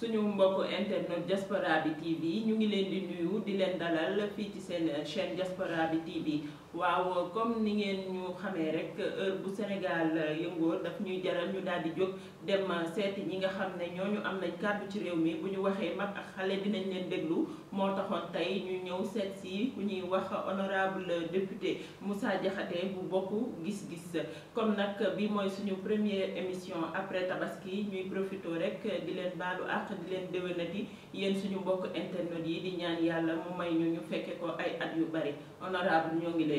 suñu mbokk internet Diaspora bi TV ñu ngi leen di nuyu di leen dalal fii ci seen chaîne Diaspora bi TV waaw comme ni ngeen ñu xamee rek heure bu Sénégal yëngoo daf ñuy jaral ñu daal di jóg dem seeti ñi nga xam ne ñooñu am nañ kàddu ci réew mi bu ñu waxee mag ak xale dinañ leen déglu moo taxoon tey ñu ñëw seet si ku ñuy wax honorable député Moussa Diakhaté bu bokk gis-gis comme nag bi mooy suñu première émission après tabaski ñuy profito rek di leen baalu àq di leen déwénati yéen suñu mbokk internet yi di ñaan yàlla mu may ñu ñu fekke ko ay at yu bari honorable ñoo ngi leen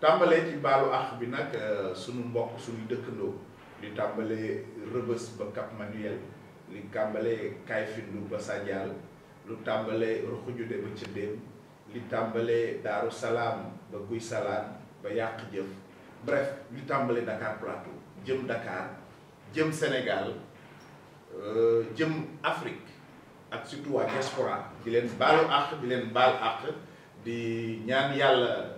tambalé ci balu ax bi nak suñu mbokk suñu dëkkandoo li tambalé rëbës ba cap manuel li tàmbalee kaay findu ba sadial lu tàmbalee ruxujude ba ci ndéem li tambalé salam salam ba guy salaan ba yaq jëf bref li tambalé dakar plateau jëm dakar jëm sénégal eh, jëm afrique ak surtout waa diaspora di len balu àq di len bal àq di ñaan yalla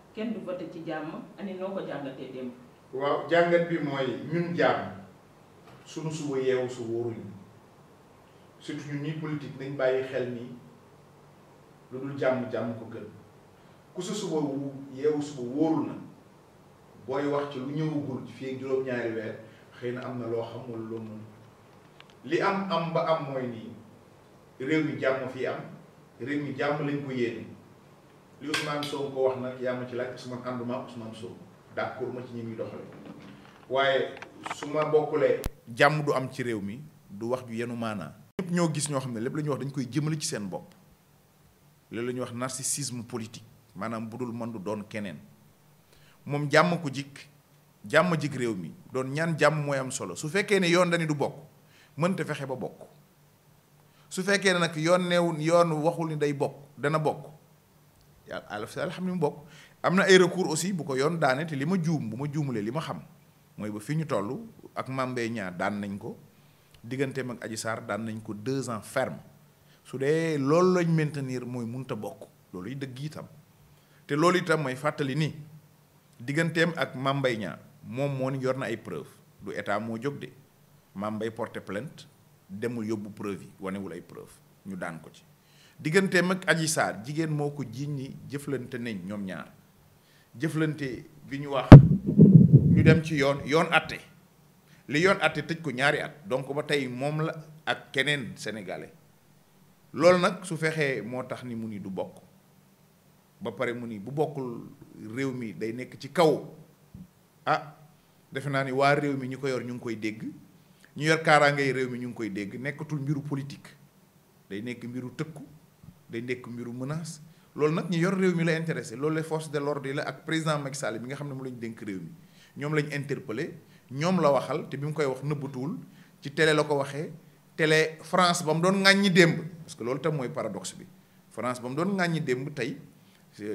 kenn du voté ci jàmm ani noo ko jàngatee démb. waaw jàngat bi mooy ñun jàmm sunu suba yeewu su wóoruñu surtout ñun ñii politique nañ bàyyi xel nii lu dul jàmm jàmm ko gën ku sa suba wu yeewu suba wóorul na booy wax ci lu ñëwagul fii ak juróom-ñaari weer xëy na am na loo xam wala loo mën li am am ba am mooy nii réew mi jàmm fii am réew mi jàmm lañ ko yéene. li Ousmane Sonko wax nag yaa ma ci laaj parce que man ànduma ak Ousmane Sonko d'accord ma ci ñi muy doxale waaye su ma bokkulee. jàmm du am ci réew mi du wax ju yenu maanaa. ñëpp ñoo gis ñoo xam ne lépp la wax dañ koy jëmale ci seen bopp loolu la ñuy wax narcissisme politique maanaam bu dul man du doon keneen moom jàmm ko jik jàmm jik réew mi doon ñaan jàmm mooy am solo su fekkee ne yoon dañu du bokk mënta fexe ba bokk su fekkee ne nag yoon neew yoon waxul ni day bokk dana bokk. alhamdulilah xam ni mu bokk am na ay recours aussi bu ko yoon daane te li ma juum bu ma juumulee li ma xam mooy ba fi ñu ak mambe ñaar dan nañ ko digganteem ak aji sar dan nañ ko deux ans ferme su dee loolu lañ maintenir mooy munta bokk loolu dëgg itam te loolu itam mooy fàttali ni digganteem ak mambe ñaar moom moo yor na ay preuve du état moo jóg de mambay porté plainte demul yóbbu preuve yi wanewul ay preuve ñu ko ci digganteem ak Adji Sarr jigéen moo ko jiiñ ni jëflante nañ ñoom ñaar jëflante bi ñu wax ñu dem ci yoon yoon atte li yoon atte tëj ko ñaari at donc ba tey moom la ak keneen sénégalais loolu nag su fexee moo tax ni mu ni du bokk ba pare mu ni bu bokkul réew mi day nekk ci kaw ah defe naa ni waa réew mi ñu ko yor ñu ngi koy dégg ñu yor kaaraangay réew mi ñu ngi koy dégg nekkatul mbiru politik day nekk mbiru tëkku day nekk mbiru menace loolu nag ñu yor réew mi la intéressé loolu les forces de l'ordre yi la ak président Macky Sall bi nga xam ne mu lañ dénk réew mi ñoom lañ interpellé ñoom la waxal te bi mu koy wax nëbbatuwul ci télé la ko waxee tele France ba mu doon ŋàññi démb parce que loolu tam mooy paradoxe bi France ba mu doon ŋàññi démb tey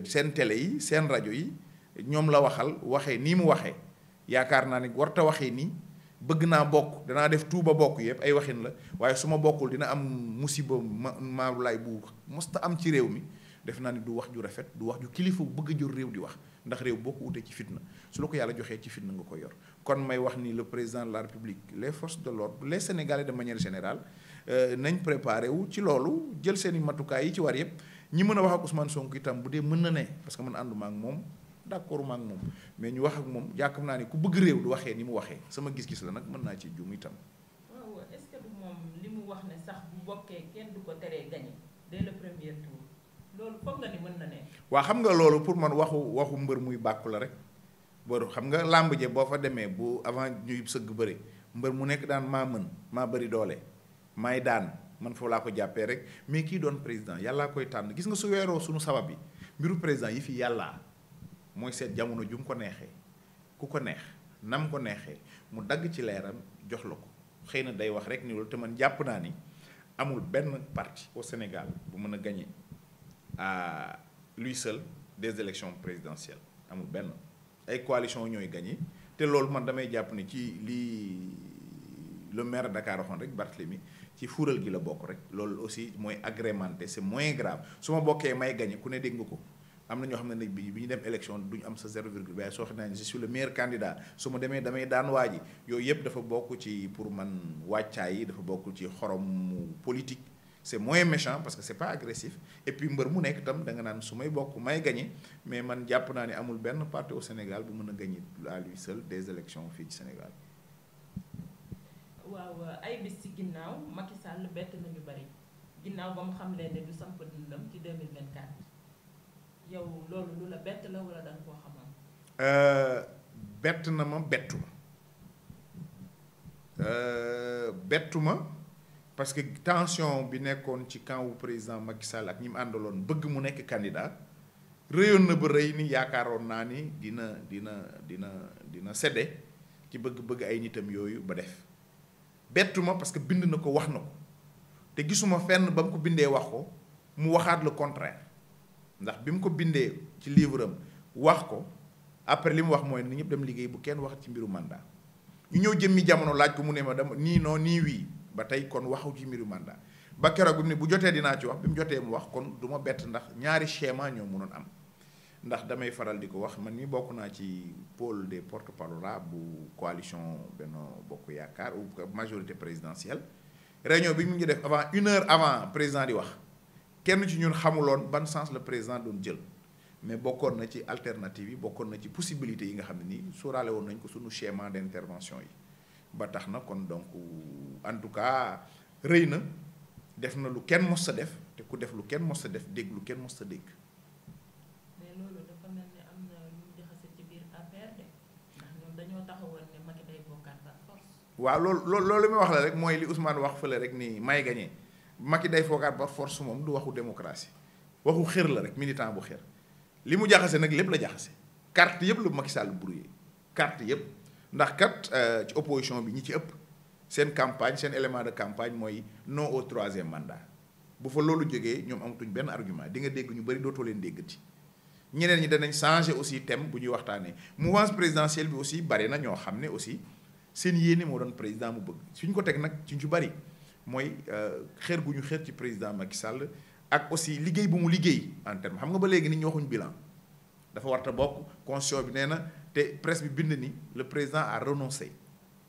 seen tele yi seen rajo yi ñoom la waxal waxee nii mu waxee yaakaar naa ne warta waxee nii bëgg bok, bokk danaa def tuuba bokk yëpp ay waxin la waaye su ma bokkul dina am musiba ma laay bu musta am ci réew mi def naa ni du wax ju rafet du wax ju kilifa bëgg jur réew di wax ndax réew boo ko ci fitna su la ko yàlla joxee ci fitna nga ko yor kon may wax ni le président de la république les forces de l'ordre les sénégalais de manière générale euh, nañ préparé wu ci loolu jël seen i matukaay yi ci war yëpp ñi mën a wax ak Ousmane Sonko itam bu dee mën parce que man ak moom d'accord ma ak moom mais ñu wax ak moom yaakaar naa ne ku bëgg réew du waxee ni mu waxee sama gis-gis la nag mën naa ci juum itam. waaw est-ce moom li mu wax ne sax bu bokkee kenn du ko teree gagné dès le premier tour loolu foog nga ni mën na ne. waaw xam nga loolu pour man waxu waxu mbër muy bàkku la rek booru xam nga làmb jee boo fa demee bu avant ñuy sëgg bëri mbër mu nekk daan maa mën maa bari doole maay daan man foofu laa ko jàppee rek mais kii doon président yàllaa koy tànn gis nga su weeroo suñu sabab yi mbiru président yi fi yàllaa mooy seet jamono ju mu ko neexee ku ko neex nam ko neexee mu dagg ci leeram jox la ko xëy na day wax rek ni loolu te man jàpp naa ni amul benn parti au Sénégal bu mën a gagner à lui seul des élections présidentielles amul benn ay coalition ñooy gagner te loolu man damay jàpp ni ci lii le maire Dakar waxoon rek Barthélemy ci fuural gi la bokk rek loolu aussi mooy agrémenté c'est moins grave su ma bokkee may gagner ku ne dégg nga ko am na ñoo xam ne bi bi ñu dem élection duñ am sa zéro virgule waaye soo xam je suis le meilleur candidat su ma demee damay daan waa ji yooyu yëpp dafa bokk ci pour man wàccaay yi dafa bokk ci xorom politique c'est moins méchant parce que c'est pas agressif et puis mbër mu nekk tam da nga naan su may bokk may gagné mais man jàpp naa ne amul benn parti au Sénégal bu mën a gagné à lui seul des élections fii ci Sénégal waaw ay bis ci ginnaaw Macky Sall bett nañu bari ginnaaw ba mu xam leen ne du samp dundam ci 2024 yow loolu lu la bett la wala da nga koo xamoon. Euh, bett na ma bettu ma euh, bettu ma parce que tension bi nekkoon ci camp wu président Macky Sall ak ñi mu àndaloon bëgg mu nekk candidat réyoon na ba rëy ni yaakaaroon naa ni dina dina dina dina sedde ci bëgg-bëgg ay nitam yooyu ba def ma parce que bind na ko wax na ko te gisuma fenn ba mu ko bindee wax ko mu waxaat le contraire. ndax bi mu ko bindee ci livre wax ko après li mu wax mooy ni ñëpp dem liggéey bu kenn wax ci mbiru mandat ñu ñëw jëmmi jamono laaj ko mu ne ma dama nii non nii wii ba tey kon waxu ci mbiru mandat ba keroog bi mu ne bu jotee dinaa ci wax bi mu jotee mu wax kon duma ma bett ndax ñaari schéma ñoo mënoon am ndax damay faral di ko wax man mi bokk naa ci pôle de porte-parole bu coalition Benno Bokk Yaakaar ou majorité présidentielle réunion bi mu ngi def avant une avant président di wax kenn ci ñun xamuloon ban sens le président doon jël mais bokkoon na ci alternative yi bokkoon na ci possibilité yi nga xam ne nii sóoraale woon nañ ko suñu schéma d' intervention yi ba tax na kon donc en tout cas rëy na def na lu kenn mos def te ku def lu kenn mos def dégg lu kenn mos sa dégg. mais loolu dafa mel ni am na lu jaxase ci biir APR de ndax ñoom dañoo taxawoon ne Macky day bokkaat force. waaw loolu loolu li wax la rek mooy li Ousmane wax fële rek ni may gagné. Macky day foogaat par force moom du waxu démocratie waxu xër la rek militant bu xër li mu jaxase nag lépp la jaxase carte yëpp lu Macky Sall brouillé carte yëpp ndax kat euh, ci opposition bi ñu ci ëpp seen campagne seen élément de campagne mooy non au troisième mandat bu fa loolu jógee ñoom amatuñ benn argument di nga dégg ñu bëri dootoo leen ci ñeneen ñi danañ changer aussi thème bu ñuy waxtaanee mouvance présidentielle bi aussi bari na ñoo xam ne aussi seen yéene moo doon président mu bëgg suñ ko teg nag ci ñu bari moy euh, xeer guñu ñu xeer ci président Macky Sall ak aussi liggéey bu mu liggéey en terme xam nga ba léegi nit ñi waxuñu bilan dafa warta ta bokk constitution bi nee na te presse bi bind ni le président a renoncé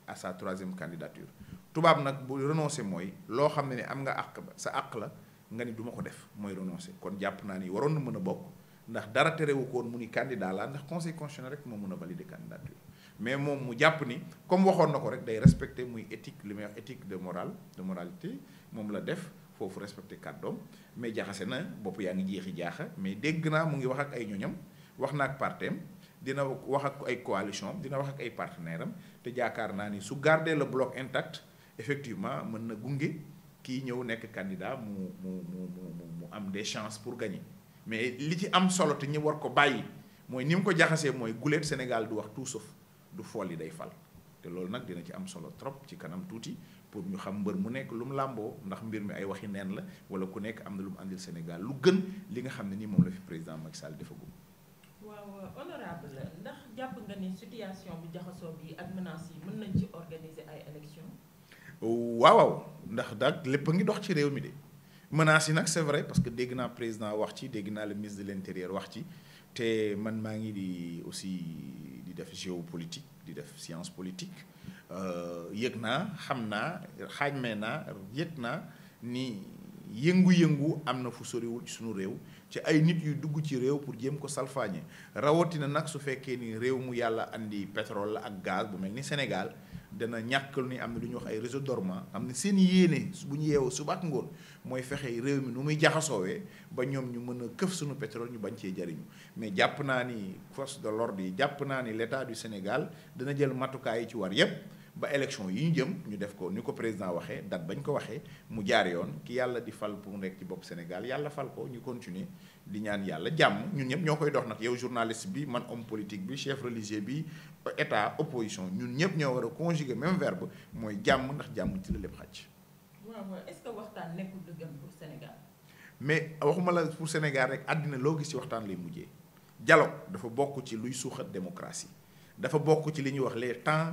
à sa troisième candidature tubaab nag bu renoncé mooy loo xam ne ne am nga àq sa àq la nga ni du ma ko def mooy renoncé kon jàpp naa ni waroon na mën a bokk ndax dara terewu koon mu ni candidat la ndax conseil constitutionnel rek moo mën a valider candidature mais moom mu jàpp ni comme waxoon na ko rek day respecté muy éthique li may wax éthique de morale de moralité moom la def foofu respecté kàddoom mais jaxase na bopp yaa ngi jeexi jaaxa mais dégg naa mu ngi wax ak ay ñoñam wax na ak partem dina wax ak ay coalition dina wax ak ay partenaire am te jaakaar naa ni su garder le bloc intact effectivement mën na gunge kii ñëw nekk candidat mu mu mu mu mu am des chances pour gagner mais li ci am solo te ñu war ko bàyyi mooy ni mu ko jaxasee mooy guleet Sénégal du wax tout sauf du folli day fal té lool nak dina ci am solo trop ci kanam touti pour ñu xam mbeur mu nekk lum lambo ndax mbir mi ay waxi neen la wala ku nekk am lum andil Sénégal lu gën li nga xamni ni mom la fi président Macky Sall defagu waaw honorable ndax japp nga ni situation bi jaxaso bi ak menace yi mën nañ ci organiser ay élection waaw ndax dak lepp a dox ci réew mi de menace yi nak c'est vrai parce que dégg na président wax ci dégg na le ministre de l'intérieur wax ci té man ma ngi di aussi. def géopolitique di def science politique Hamna, euh, naa xam ni Yengu Yengu, amna fu soriwul ci sunu rew ci ay nit yu pour ko rawatina su ni rew mu yalla andi pétrole ak gaz bu Sénégal dana ñàkk lu ni am na lu ñuy wax ay réseau dormant am na seen yéene bu ñu yeewoo su bak ngoon mooy fexe réew mi nu muy jaxasoowee ba ñoom ñu mën a këf suñu pétrole ñu bañ cee jariñu mais jàpp naa ni force de l'ordre yi jàpp naa ni l'état du Sénégal dana jël matukaay ci war yépp ba élection yi ñu jëm ñu def ko ni ko président waxee date bañ ko waxee mu jaar yoon ki yàlla di fal pour nekk ci bopp Sénégal yàlla fal ko ñu continue di ñaan yàlla jàmm ñun ñëpp ñoo koy dox nag yow journaliste bi man homme politique bi chef religieux bi état opposition ñun ñëpp ñoo war a conjuguer même verbe mooy jàmm ndax jàmm ci la lépp xàcc. waaw est-ce que waxtaan nekkul du gën pour Sénégal. mais waxuma la pour Sénégal rek àddina loo gis ci waxtaan lay mujjee dialogue dafa bokk ci luy suuxat démocratie dafa bokk ci li ñuy wax les temps.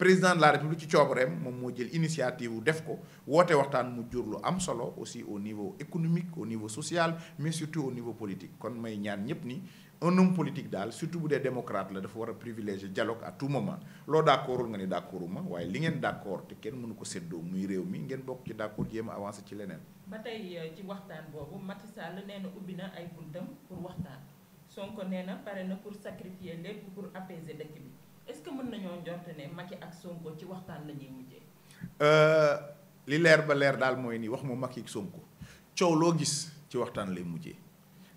président de la république ci coobareem moom moo jël initiative ou def ko woote waxtaan mu jur am solo aussi au niveau économique au niveau social mais surtout au niveau politique kon may ñaan ñep ni un homme politique dal, surtout bu des démocrates, la dafa wara privilégier dialogue à tout moment Lo d'accordul nga ne d'accorduma waye li ngeen d'accord te kenn mënu ko seddo muy réew mi ngeen bok ci d'accord jéem a avancer ci leneen. ba tey euh, ci waxtan bobu Macky Sall nee ubbi na ay buntam pour waxtan. Sonko nee paré na pour sacrifier lépp pour apaiser dëkk bi. est-ce que mën nañoo njort ne Macky ak Sonko ci waxtaan la ñuy mujjee. Euh, li leer ba leer daal mooy ni wax mu Macky ak Sonko coow loo gis ci waxtaan lay mujjee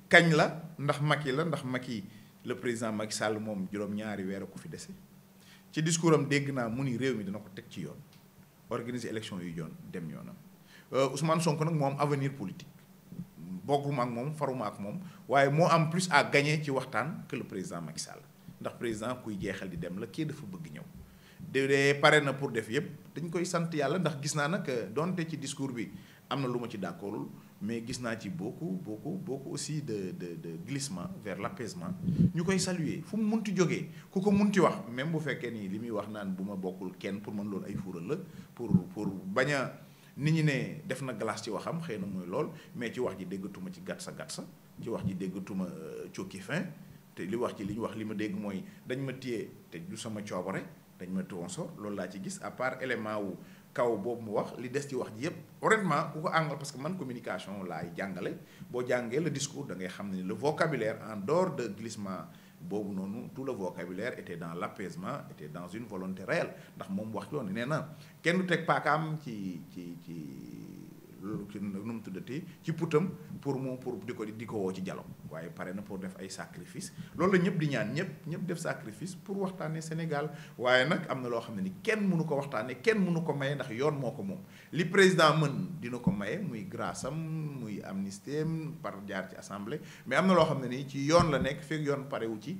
kañ la ndax Macky la ndax Macky le président Macky Sall moom juróom-ñaari weer ku fi dese ci discours am dégg naa mu ni réew mi dana ko teg ci yoon organiser élection yu yoon dem yoonam euh, Ousmane Sonko nag moo am avenir politique bokkuma ak moom faruma ak moom waaye moo am plus à gagner ci waxtaan que le président Macky Sall. ndax président kuy jeexal di dem la kii dafa bëgg de pare na pour def yëpp dañ koy sant yàlla ndax gis naa nag euh, donte ci discours bi am na ci mais gis naa ci beaucoup beaucoup beaucoup aussi de de de glissement vers l'apaisement ñu saluer fu munti jógee ku wax même bu fekkee ni li wax naan ma pour ay la pour pour bañ a nit ne def na glace ci waxam na lool mais ci wax ji déggatuma ci gatsa gatsa ci wax ji déggatuma euh, te li wax ci li wax li ma dégg mooy dañ ma téye te du sama coobare dañ ma loolu laa ci gis à part élément kaw boobu wax li des ci wax honnêtement parce que man communication laay jàngale boo jàngee le discours da ngay le vocabulaire en dehors de glissement tout le vocabulaire était dans l'apaisement était dans une volonté réelle ndax moom wax nee na kenn du teg ci ci ci loolu ki nu mu tuddatee ci putam pour mu pour di ko di ko woo ci dialogue waaye pare na pour def ay sacrifice loolu la ñëpp di ñaan ñëpp ñëpp def sacrifice pour waxtaanee Sénégal waaye nag am na loo xam ne ni kenn mënu ko waxtaanee kenn mënu ko maye ndax yoon moo ko moom li président mën dina ko maye muy grâce am muy amnistie par jaar ci assemblée mais am na loo xam ne nii ci yoon la nekk fekk yoon parewu ci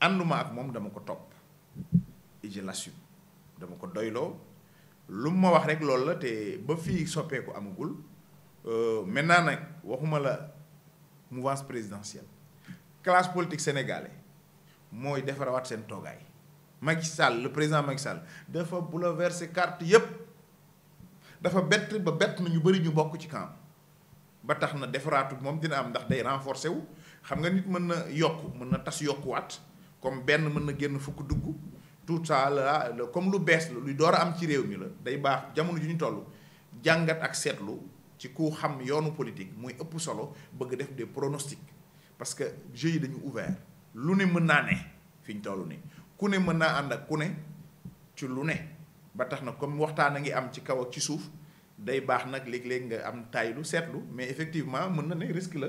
ànduma ak moom dama ko topp et je dama ko doyloo lu mu ma wax rek loolu la te ba fii soppeeku amagul euh, maintenant nag waxuma la mouvance présidentielle classe politique sénégalaise mooy defarawaat seen toogaay Macky Sall le président Macky Sall dafa verse carte yépp dafa bett ba bett na ñu bëri ñu bokk ci camp ba tax na defaraatut moom dina am ndax day renforcé wu xam nga nit mën na yokk mën na tas yokkuwaat comme benn mën na génn fukk dugg tout ça la comme lu bees la luy door a am ci réew mi la day baax jamono ju ñu toll jàngat ak seetlu ci ku xam yoonu politique mooy ëpp solo bëgg def des pronostics parce que jeux yi dañu ouvert lu ne mën naa ne fi ñu toll nii ku ne mën naa ànd ak ku ne ci lu ne ba tax na comme waxtaan a ngi am ci kaw ak ci suuf day baax nag léegi léeg nga am taaylu seetlu mais effectivement mën na ne risque la.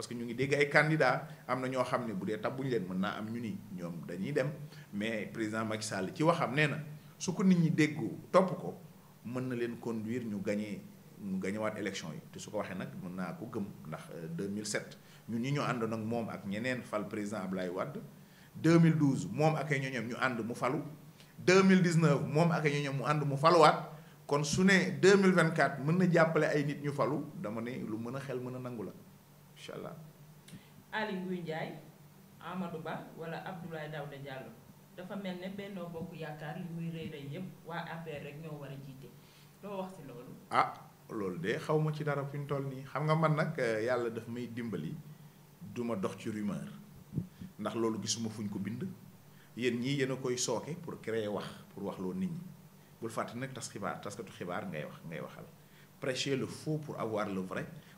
parce que ñu ngi dégg ay candidat am na ñoo xam ne bu dee tabbuñ leen mën naa am ñu ni ñoom dañuy dem mais président Macky Sall ci waxam nee na su ko nit ñi déggoo topp ko mën na leen conduire ñu gagné mu gañewaat élection yi te su ko waxee nag mën naa ko gëm ndax 2007 euh, ñun ñi ñu àndoon ak moom ak ñeneen fal président Ablaye Wade 2012 mom ak ñoo ñoñom ñu ànd mu falu 2019 moom ak ñoo ñoñom mu ànd mu faluwaat kon su ne 2024 mën na jàppale ay nit ñu falu dama ne lu mën a xel mën a incha allah. Aly Ngouille Ndiaye Amadou Ba wala Abdoulaye Daouda Diallo dafa mel ne Benno Bokk Yaakaar li muy rëy rëy yëpp waa APR rek ñoo war a jiite loo wax ci loolu. ah loolu de xaw ma ci dara fi ñu toll nii xam nga man nag eh, yàlla daf may dimbali duma dox ci rumeur ndax loolu gisuma fuñ ko bind yéen ñii yéen a koy sooke pour créer wax pour wax loo nit ñi bul fàtte nag tas xibaar taskatu xibaar ngay wax ngay waxal prêcher le faux pour avoir le vrai.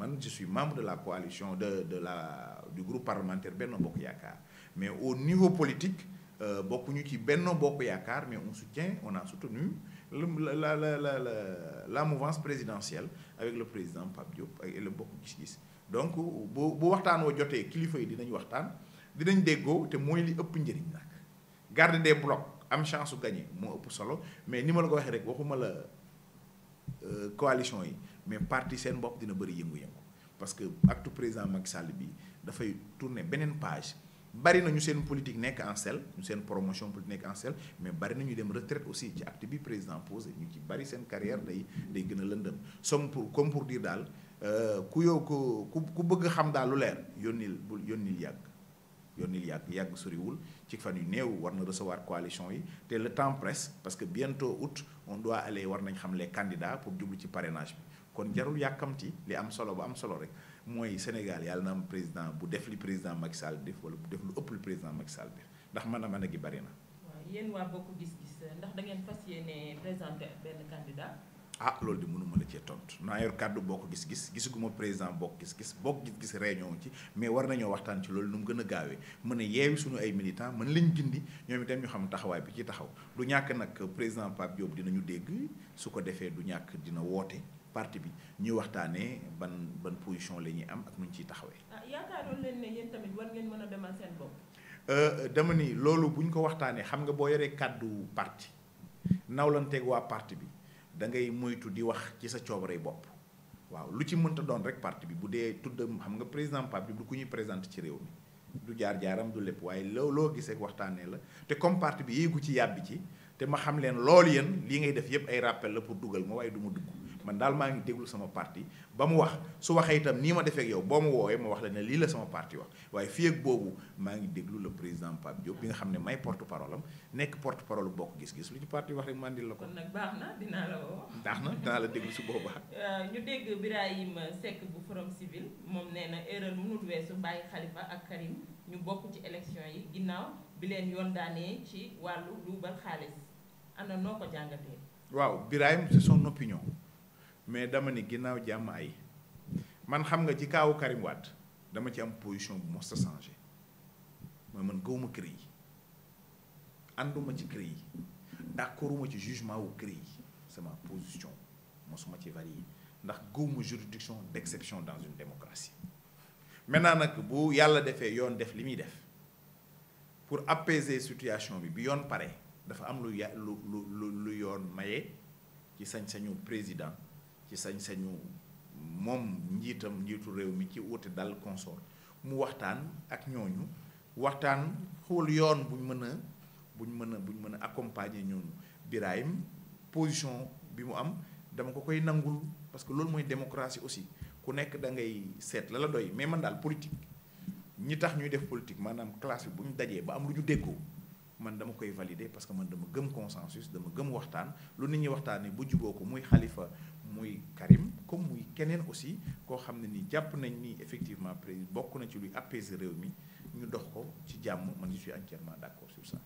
man je suis membre de la coalition de de la du groupe parlementaire Benno Bokk mais au niveau politique euh, bokkuñu ci Benno Bokk mais on soutient on a soutenu la la la la la mouvance présidentielle avec le président Pape Diop et le Bokk gis donc bu bu waxtaan woo jotee kilifa yi dinañ waxtaan dinañ déggoo te mooy li ëpp njëriñ garder des blocs am chance su gagner, moo ëpp solo mais ni ma la ko waxee rek waxuma la euh, coalition yi mais parti s'en bop dina bari yëngu-yëngu parce que acte président Macky Sall bi fay tourner benen page bari nañu sen politique nek en sel ñu promotion politique en sel mais bari nañu dem retraite aussi ci acte bi président pose, ñu ci bari sen carrière day day gëna lëndëm pour comme pour dire euh ku ko ku ku bëgg xam dal lu leer Yonil Yag, Yag yàgg yónnil yag yàgg soriwul ci fan yu néew war na recevoir coalition yi te le temps presse parce que bientôt août on doit aller war nañ xam les candidats pour jublu ci parrainage kon jarul yàkkamti li am solo bu am solo rek mooy Sénégal yàlla na am président bu def li président Macky Sall def wala bu def lu ëpp li président Macky Sall ndax man a mën a gi bari na. waaw ndax da fas yéene présenté benn candidat. ah loolu di mënuma la cee tontu naa yor kàddu ko gis-gis gisuguma président bokk gis-gis bokk gis-gis réunion ci mais war nañoo waxtaan ci loolu nu mu gën a gaawee mën a yeewi suñu ay militants mën lañ gindi ñoom itam ñu xam taxawaay bi ci taxaw du ñàkk nag président Pape Diop dinañu dégg su ko defee du ñàkk dina woote parti bi ñuy waxtaanee ban ban position la ñuy am ak nu ñu ciy taxawee. ah ngeen mën a demal seen bopp. Euh, dama ni loolu bu ñu ko waxtaanee xam nga boo yoree kàddu parti nawlanteeg waa parti bi da ngay moytu di wax ci sa coobare bopp waaw lu ci mënta doon rek parti bi bu dee tudd xam nga président Pape du ku ñuy présenté ci réew mi. du jaar-jaaram du lépp waaye loo loo gisee waxtaanee la te comme parti bi yéegu ci yàbbi ci te ma xam leen loolu yéen li ngay def yépp ay rappel la pour dugal ma waaye du ma dugg man daal maa ngi déglu sama parti ba mu wax su waxee itam nii ma defee yow boo ma woowee ma wax la ne lii la sama parti waaye fii boobu maa ngi déglu le président Pape Diop bi nga xam ne may porte parole nekk porte parole bokk gis-gis lu ci parti wax rek ma andil la ko. kon nag baax na dinaa la woo. baax na dinaa la déglu si booba euh, ñu dégg Birahima Seck bu Forum Civil moom nee na erreur mënul weesu bàyyi Khalifa ak Karim ñu bokk ci élection yi ginnaaw bi leen yoon daanee ci wàllu luubal xaalis ana noo ko jàngatee. waaw mais dama ni Je suis ay man xam nga ci Karim wat dama ci am position bu mos a changé man créé ci créé ci jugement ou c'est ma position mosuma ci varié ndax juridiction d'exception dans une démocratie maintenant si bu yalla en yone def limi def pour apaiser situation bi bi yone pare dafa am lu lu président ci sañ-sañu mom njitam njitu rew mi ci wote dal consort mu waxtaan ak ñooñu waxtaan xool yoon buñ mëna buñ mëna buñ mëna accompagner ñooñu position bi mu am dama ko koy nangul parce que loolu moy démocratie aussi ku nekk da ngay set la la doy mais man dal politique ñi tax ñuy def politique manam classe bi bu ba am luñu ñu man dama koy valider parce que man dama gëm consensus dama gëm waxtaan lu nit ñi ni bu juboo ko muy khalifa muy Karim comme muy Kenen aussi ko xam ni japp nañ ni effectivement président bokku na ci luy apaiser réew mi ñu dox ko ci jamm je suis entièrement d'accord sur ça